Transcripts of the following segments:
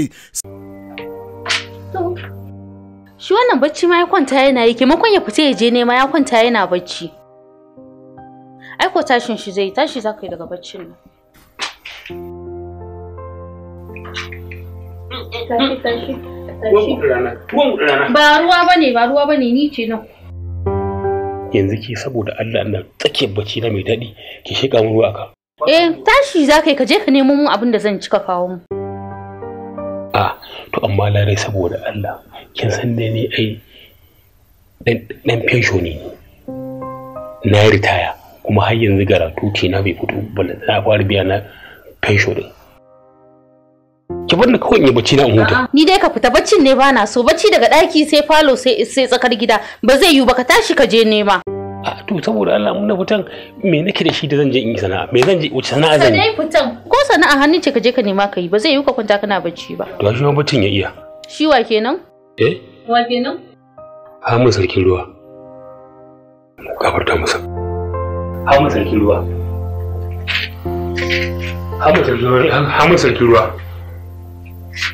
Shi wannan bacci ma ya kwanta yana yi, makon ya fita ya je nema ya kwanta yana bacci. Ai ko tashin shi zai tashi za ka yi daga baccin nan. Ba ruwa ba ne, ba ruwa ba ne, ni ce nan. Yanzu ke saboda Allah nan tsakiyar bacci na mai daɗi ke shiga ruwa ka. Eh tashi za ka yi ka je ka nemo mun abin da zan cika kawo mu. a to amma larai saboda Allah kin san dai ni ai dan fensho ne na ritaya kuma har yanzu garatu ke na bai fito bala na fara biya na fensho din ki bar ni kawai in bacci na in huta ni dai ka fita baccin ne ba na so bacci daga daki sai falo sai sai tsakar gida ba zai yiwu ba ka tashi ka je nema a to saboda Allah mun na fitan me nake da shi da zan je in yi sana'a me zan je wace sana'a zan yi fitan ko sana'a hannun ce ka je ka nema ka yi ba zai yi ka kwanta kana bacci ba to shi ma baccin ya iya shi wa kenan eh wa kenan mun sarkin ruwa musa masa mun sarkin ruwa mun sarkin ruwa mun sarki ruwa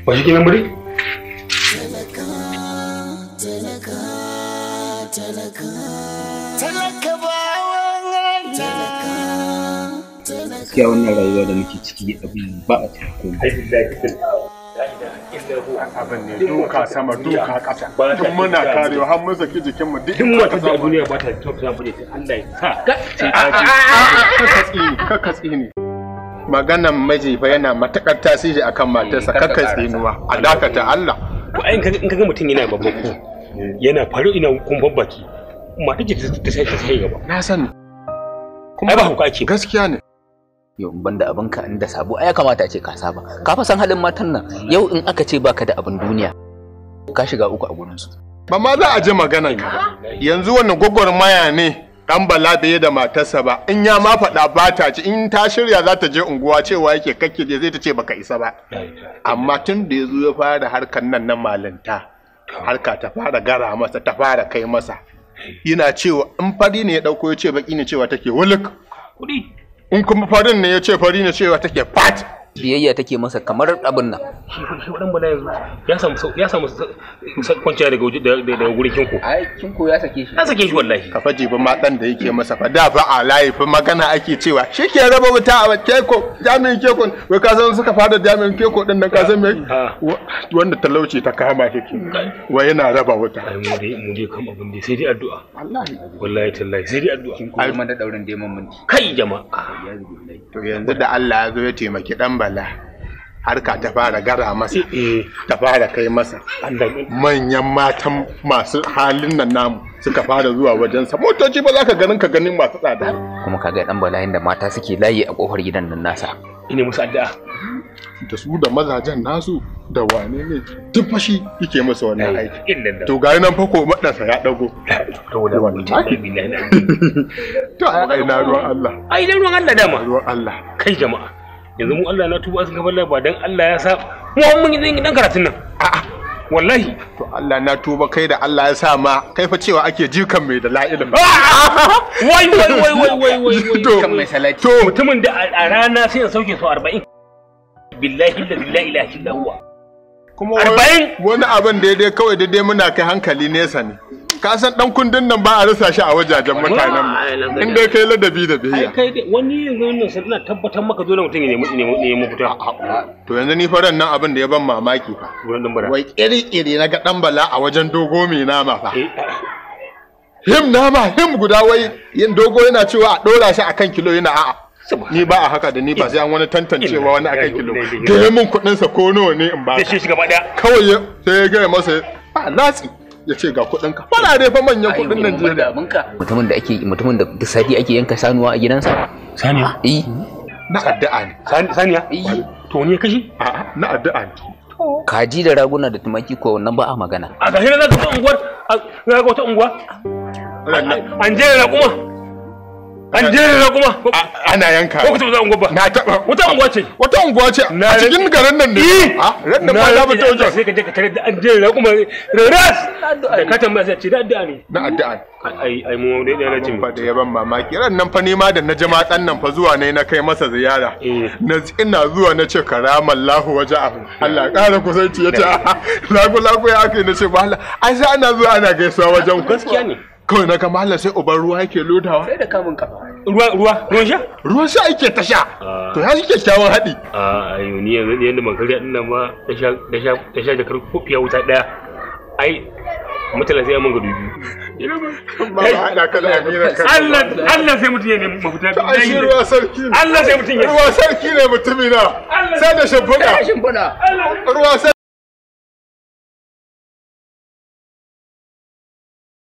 ba shi kenan muri Talaka, talaka, talaka. talaka bawan gaskiya wannan rayuwa da muke ciki abin ba a cikin komai abin ne duka sama duka kasa duk muna karewa har mun saki jikin mu duk wata da duniya ba ta top ta bude Allah ya sa ka katsi ne ka katsi ne maganan miji fa yana matakar tasiri akan matarsa ka katsi nuwa a dakata Allah ko in ka ga mutum yana babban yana faru ina kun babbaki. mata ce ta sai ta gaba na sani kuma ba hauka ake gaskiya ne yau ban banda abin ka inda sabo ai kamata ce ka saba ka fa san halin matan nan yau in aka ce baka da abin duniya ka shiga uku a gurin su ba ma za a ji maganan yanzu wannan maya ne dan bala bai da matarsa ba in ya ma faɗa ba ta ci in ta shirya za ta je unguwa cewa yake kake je zai ta ce baka isa ba amma tun da ya zo ya fara harkan nan na malinta harka ta fara gara masa ta fara kai masa yana cewa in fari ne ya ɗauko ya ce baki ne cewa take wulik, kuɗi in kuma farin ne ya ce fari ne cewa take fat biyayya take masa kamar abin nan shi shi wadan ya samu ya samu kwanciya daga daga gurin kinku ai kinku ya sake shi ya sake shi wallahi ka faje ba da yake masa fa da fa a laifi magana ake cewa shi ke raba wuta a keko jami'in keko wai ka suka fara jami'in keko din nan ka san me wanda talauci ta kama shi ke wai yana raba wuta ai mu dai mu dai kan abin dai sai dai addu'a tallahi sai dai addu'a kuma kai jama'a to yanzu da Allah ya zo ya taimaki dan bala harka ta fara gara masa ta fara kai masa manyan matan masu halin nan namu suka fara zuwa wajen sa, motoci ba za ka ganin ka ganin masu tsada kuma ka ga dan bala inda mata suke layi a kofar gidan nan nasa musu addu'a da su da mazajen nasu da wane ne duk fashi yake masa wannan eh, aiki to ga nan ko madansa ya dago to da wani to ai na ruwan Allah ai na ruwan Allah dama ruwan Allah kai jama'a yanzu mu Allah na tuba sun gaban ba dan Allah ya sa mu mun yi dan karatun nan a'a wallahi to Allah na tuba kai da Allah ya sa ma kai fa cewa ake jikan mai da la'ilin wai wai wai wai wai wai kan mai salati mutumin da a rana sai ya sauke su 40 billahi la ilaha illa huwa kuma wani abin daidai kawai daidai muna kai hankali nesa ne ka san dan kundin nan ba a rasa shi a wajajen mutanen mu in dai kai ladabi da biya kai wani yanzu ne sai ina tabbatar maka dole mutum ya nemi mu fita to yanzu ni faran nan abin da ya ban mamaki fa wai kiri-kiri na ga dan bala a wajen dogo mai nama fa eh, eh. him nama him guda wai yin dogo yana cewa a dora shi akan kilo yana a'a ni ba a haka da ni ba sai an wani tantancewa wani akan kilo gaya min kudin sa ko nawa ne in ba da shi gaba daya kawai sai ya gaya masa a ah, latsi ya ce ga kuɗin ka fara dai fa manyan kuɗin Najeriya mutumin da ake mutumin da duk sadi ake yanka sanuwa a gidansa saniya eh na addu'a ne saniya eh. to ne kashi a na addu'a ne kaji da raguna da tumaki ko wannan ba a magana a ga hira za ka ta unguwar wata unguwa an je na kuma an jere na kuma ana yanka ko kuma zan goba na taba wata unguwa ce wata unguwa ce a cikin garin nan ne eh! ran nan ba za mu tauja sai ka je ka tare da an jere na kuma ras da ka tambaya sai ce da addu'a ne na addu'a ai ai mu dai da rajin fa da yaban mamaki ran nan fa nima da na jama dan nan fa zuwa ne na kai masa ziyara eh. na ina zuwa na ce karamallahu waja'ahu Allah ƙara kusanci ya ta lagu lagu ya ake na ce ba Allah ai sai ana zuwa ana gaisuwa wajen gaskiya ne kawai na kama malam sai uban ruwa yake lodawa sai da kamun kafa ruwa ruwa ruwan sha ruwan sha ake ta ah. to ya yake kyawun haɗi a ah, ayo ni yanzu yanda makarya din nan ma ta sha ta sha ta sha jakar kofiya wuta daya ai mutala sai mun Allah Allah sai mutum ya nemi mafita bi ruwa sarki Allah sai mutum ya ruwa ne mutumina sai